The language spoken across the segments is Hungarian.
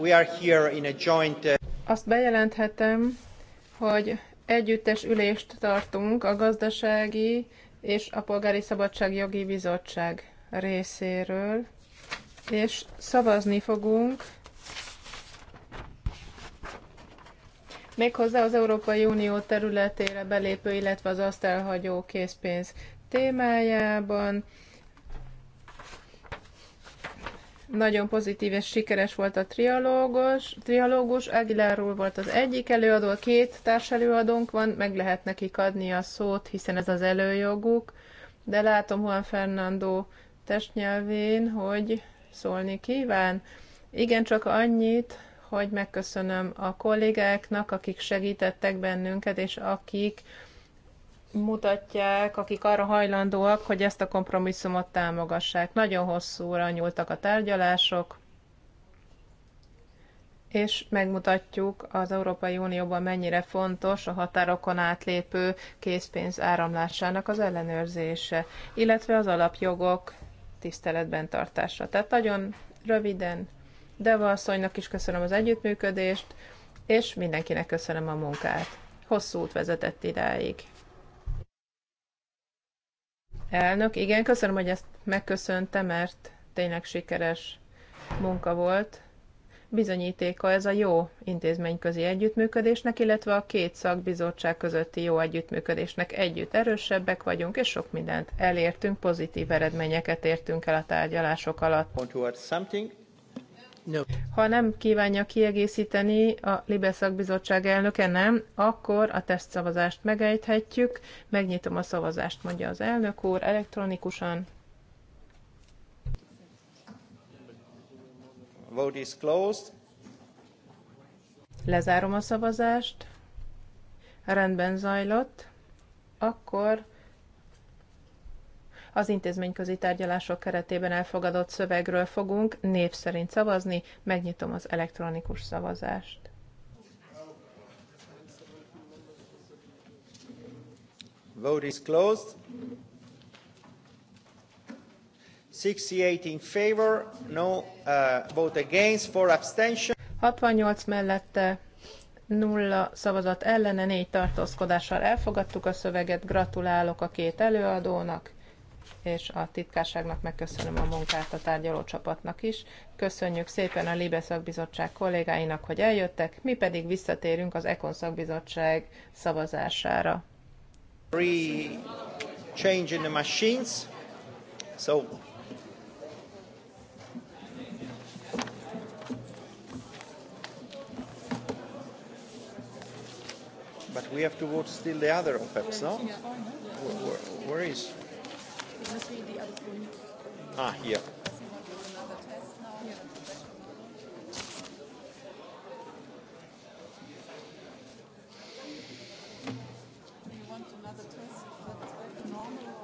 We are here in a joint... Uh, azt bejelenthetem, hogy együttes ülést tartunk a gazdasági és a Polgári Szabadságjogi Bizottság részéről, és szavazni fogunk méghozzá az Európai Unió területére belépő, illetve az azt elhagyó készpénz témájában. Nagyon pozitív és sikeres volt a trialógus. trialógus. Aguilarról volt az egyik előadó, a két társelőadónk van, meg lehet nekik adni a szót, hiszen ez az előjoguk. De látom Juan Fernando testnyelvén, hogy szólni kíván. Igen, csak annyit, hogy megköszönöm a kollégáknak, akik segítettek bennünket, és akik mutatják, akik arra hajlandóak, hogy ezt a kompromisszumot támogassák. Nagyon hosszúra nyúltak a tárgyalások, és megmutatjuk az Európai Unióban mennyire fontos a határokon átlépő készpénz áramlásának az ellenőrzése, illetve az alapjogok tiszteletben tartása. Tehát nagyon röviden de asszonynak is köszönöm az együttműködést, és mindenkinek köszönöm a munkát. Hosszú út vezetett idáig. Elnök, igen, köszönöm, hogy ezt megköszönte, mert tényleg sikeres munka volt. Bizonyítéka ez a jó intézményközi együttműködésnek, illetve a két szakbizottság közötti jó együttműködésnek együtt erősebbek vagyunk, és sok mindent elértünk, pozitív eredményeket értünk el a tárgyalások alatt. Ha nem kívánja kiegészíteni a Libe szakbizottság elnöke, nem, akkor a tesztszavazást megejthetjük. Megnyitom a szavazást, mondja az elnök úr, elektronikusan. Vote is closed. Lezárom a szavazást. Rendben zajlott. Akkor az intézményközi tárgyalások keretében elfogadott szövegről fogunk név szerint szavazni. Megnyitom az elektronikus szavazást. Vote is closed. 68 in favor, no uh, vote against, 4 abstention. 68 mellette, nulla szavazat ellene, négy tartózkodással elfogadtuk a szöveget. Gratulálok a két előadónak és a titkárságnak megköszönöm a munkát a tárgyaló csapatnak is. Köszönjük szépen a Libe szakbizottság kollégáinak, hogy eljöttek, mi pedig visszatérünk az Ekon szakbizottság szavazására. Change in the machines. So But we have to vote still the other OPEPs, no? Where, where, where is? Ah, here.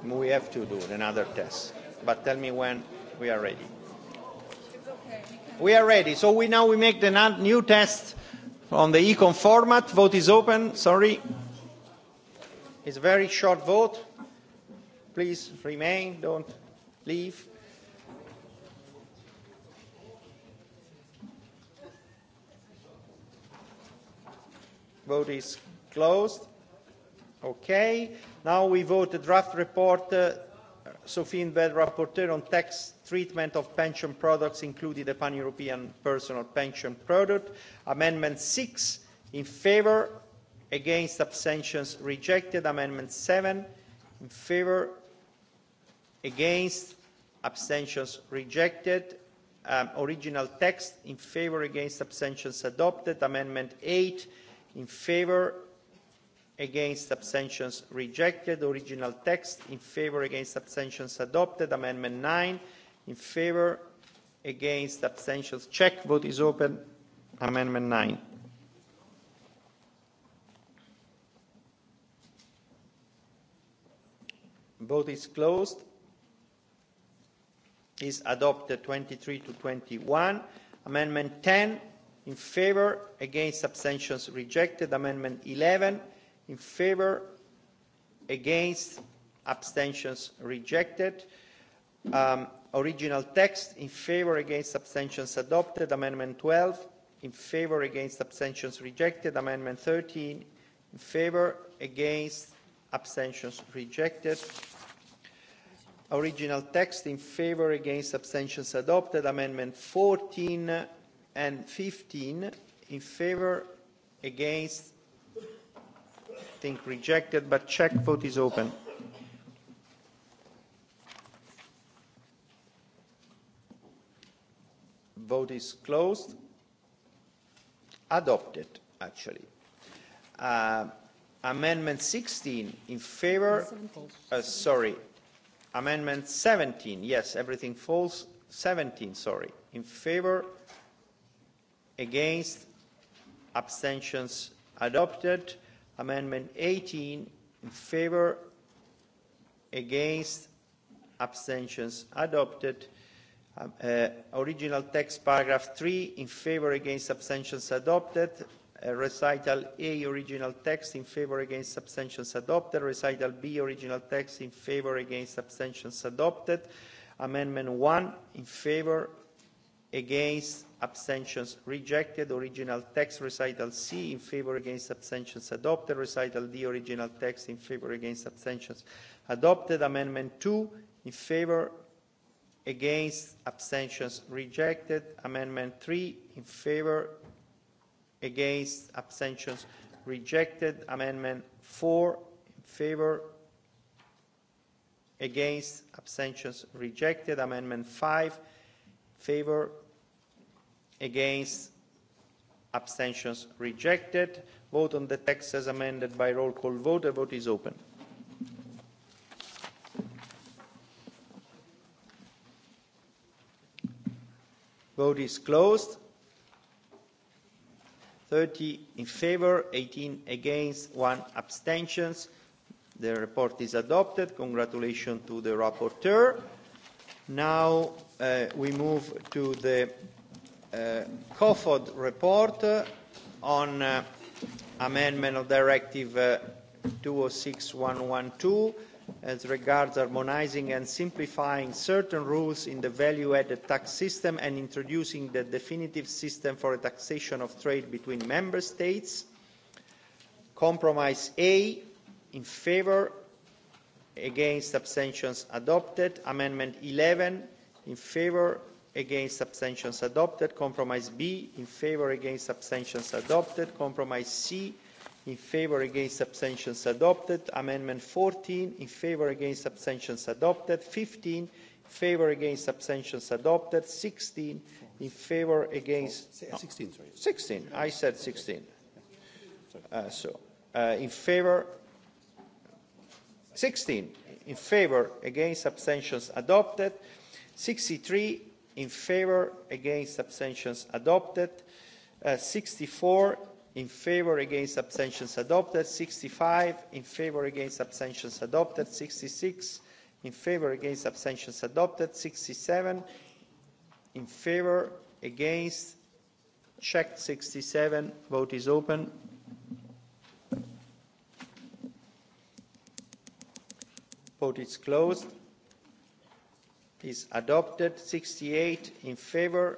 We have to do another test, but tell me when we are ready. We are ready. So we now we make the new test on the econ format. Vote is open. Sorry. It's a very short vote please remain, don't leave. Vote is closed. Okay. Now we vote the draft report, uh, Sophie Inbed, rapporteur on tax treatment of pension products, including the pan-European personal pension product. Amendment 6, in favour, against abstentions rejected. Amendment 7, in favour, against abstentions rejected um, original text in favor against abstentions adopted amendment 8 in favor against abstentions rejected original text in favor against abstentions adopted amendment 9 in favor against abstentions check vote is open amendment 9 vote is closed is adopted 23 to 21. Amendment 10 in favour, against abstentions rejected. Amendment 11 in favour, against abstentions rejected. Um, original text in favour, against abstentions adopted. Amendment 12 in favour, against abstentions rejected. Amendment 13 in favour, against abstentions rejected original text in favour against abstentions adopted amendment 14 and 15 in favour against I think rejected but check vote is open vote is closed adopted actually uh, amendment 16 in favor uh, sorry amendment seventeen yes everything falls seventeen sorry in favour against abstentions adopted amendment eighteen in favour against abstentions adopted um, uh, original text paragraph three in favour against abstentions adopted Uh, recital A original text in favor against abstentions adopted. Recital B original text in favor against abstentions adopted. Amendment 1 in favor against abstentions rejected. Original text recital C in favor against abstentions adopted. Recital D original text in favor against abstentions adopted. Amendment 2 in favor against abstentions rejected. Amendment 3 in favor against abstentions rejected amendment 4 in favor against abstentions rejected amendment 5 favor against abstentions rejected vote on the text as amended by roll call vote the vote is open vote is closed thirty in favour eighteen against one abstention the report is adopted congratulations to the rapporteur now uh, we move to the uh, COFOD report uh, on uh, amendment of directive uh, 206112 as regards harmonising and simplifying certain rules in the value added tax system and introducing the definitive system for a taxation of trade between member states. Compromise A in favour against abstentions adopted. Amendment 11 in favour against abstentions adopted. Compromise B in favour against abstentions adopted. Compromise C in favour against abstentions adopted amendment fourteen in favour against abstentions adopted fifteen in favour against abstentions adopted sixteen in favour against no, oh, sixteen sorry. sixteen i said sixteen uh, so uh, in favour sixteen in favour against abstentions adopted sixty three in favour against abstentions adopted uh, sixty four in favour against abstentions adopted sixty five in favour against abstentions adopted sixty six in favour against abstentions adopted sixty seven in favour against checked sixty seven vote is open vote is closed is adopted sixty eight in favour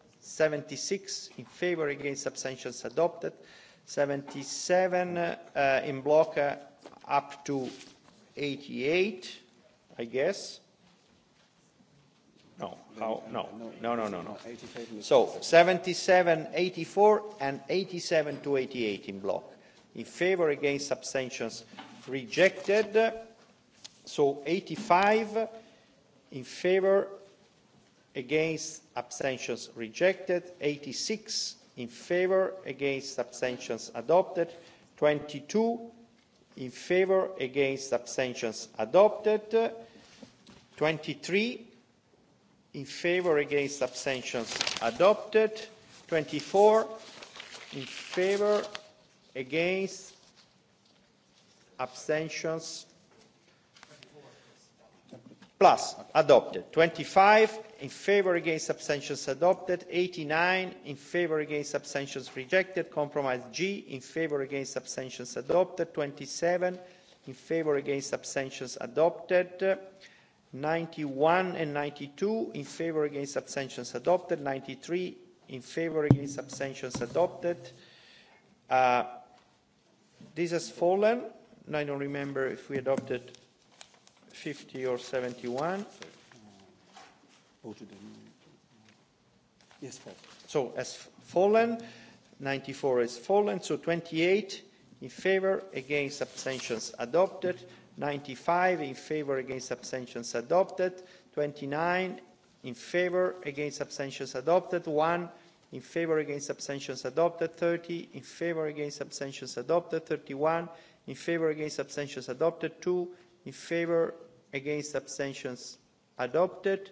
76 in favor against abstentions adopted 77 uh, in block uh, up to 88 i guess no how no no no no no so 77 84 and 87 to 88 in block in favor against abstentions rejected so 85 in favor against abstentions rejected 86 in favour against abstentions adopted 22 in favour against abstentions adopted 23 in favour against abstentions adopted 24 in favour against abstentions plus adopted 25 in favour against abstentions adopted eighty nine in favour against abstentions rejected compromise g in favour against abstentions adopted twenty seven in favour against abstentions adopted ninety one and ninety two in favour against abstentions adopted ninety three in favour against abstentions adopted uh, this has fallen i don't remember if we adopted 50 or 71 Go to the... Yes, false. So as fallen, 94 is fallen, so 28 in favor, against abstentions adopted, 95 in favor, against abstentions adopted, 29 in favor, against abstentions adopted, 1 in favor, against abstentions adopted, 30 in favor, against abstentions adopted, 31 in favor, against abstentions adopted, 2 in favor, against abstentions adopted,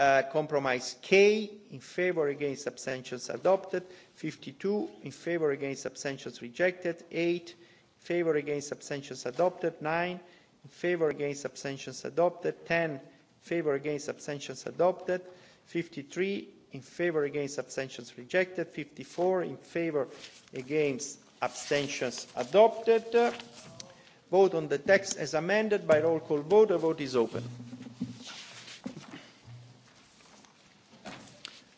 Uh, compromise K in favour against abstentions adopted. fifty two in favour against abstentions rejected. eight in favour against abstentions adopted. nine in favour against abstentions adopted. ten in favour against abstentions adopted. fifty three in favour against abstentions rejected. fifty four in favour against abstentions adopted. Vote on the text as amended by roll call vote. The vote is open.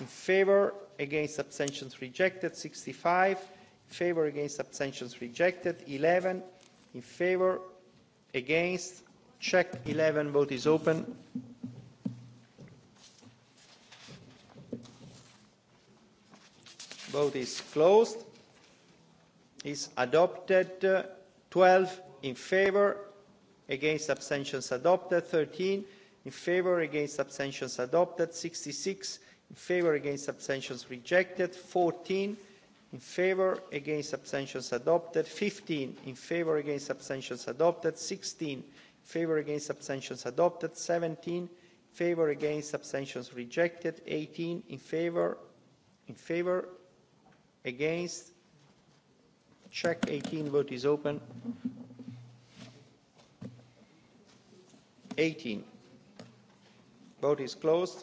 in favour against abstentions rejected 65. in favour against abstentions rejected 11. in favour against check 11. vote is open vote is closed is adopted uh, 12 in favour against abstentions adopted 13 in favour against abstentions adopted 66 in favour against abstentions rejected 14 in favour against abstentions adopted 15 in favour against abstentions adopted 16 in favour against abstentions adopted 17 in favour against abstentions rejected 18 in favour in favour against check 18 vote is open 18 vote is closed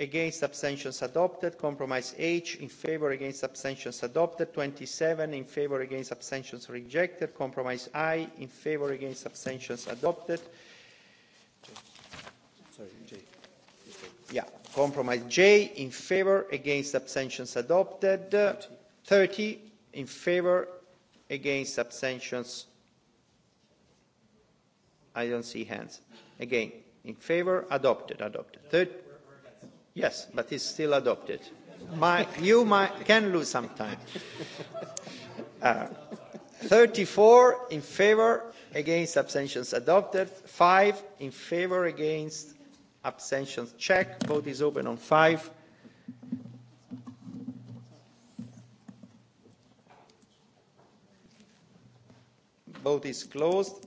against abstentions adopted compromise h in favour against abstentions adopted 27 in favour against abstentions rejected compromise i in favour against abstentions adopted yeah compromise j in favour against abstentions adopted 30 in favour against abstentions i don't see hands again in favour adopted adopted 30 Yes, but it's still adopted. you can lose some time. Uh, 34 in favor, against abstentions adopted. 5 in favor, against abstentions check. Vote is open on 5. Vote is closed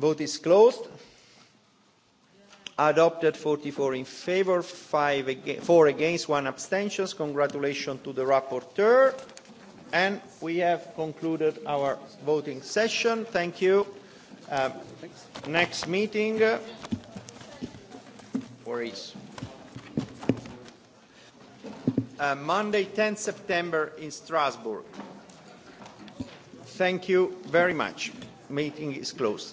vote is closed adopted 44 in favour, five ag 4 against, 1 abstention. Congratulations to the rapporteur. And we have concluded our voting session. Thank you. Uh, next meeting. Uh, where is? Uh, Monday, 10 September in Strasbourg. Thank you very much. Meeting is closed.